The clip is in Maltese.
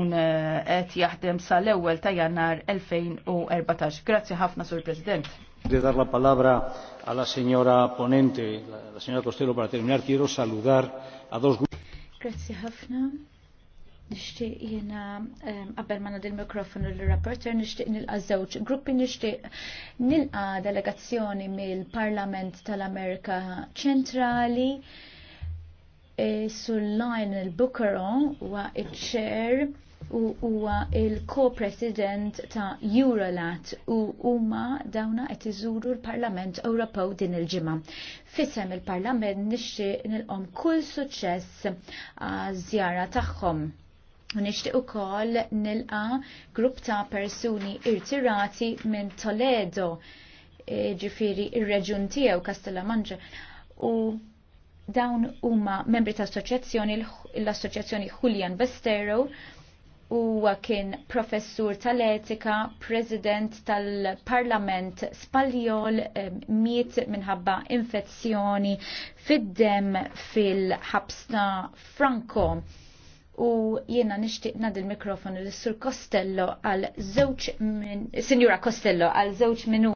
un eh, qed jaħdem sal-ewwel ta' Jannar 2014. Grazzi ħafna Sur President. De dar la palabra a la señora ponente, la señora Costello, para terminar, quiero saludar a dos grupos. Grazie ħafna. Nishtiq jena ehm, qabel ma il mikrofonu l-rapporter nishtiq nilqa żewġ gruppi nishtiq nilqa delegazzjoni mill-Parlament tal-Amerika Ċentrali eh, sul-line il-Bukeron wa iċ-ċer u huwa il-co-president ta' Eurolat u huma dawna qed iżuru l-Parlament Ewropew din il-ġimgħa. Fisem il-Parlament nixtieq nilqom kull suċċess għaż-żjara tagħhom. U nishtiq u koll nilqa grupp ta' persuni irtirati minn Toledo, e, ġifiri ir-reġun tiegħu Kastella Manġa. U dawn huma membri ta' assoċjazzjoni l-assoċjazzjoni Julian Bestero huwa kien professur tal-etika, president tal-Parlament Spaljol, eh, miet minħabba infezzjoni fid-dem fil-ħabsta Franco. U jiena nixtieq nad il-mikrofonu l-Sur Costello għal żewġ min... Signora Costello għal żewġ minuti.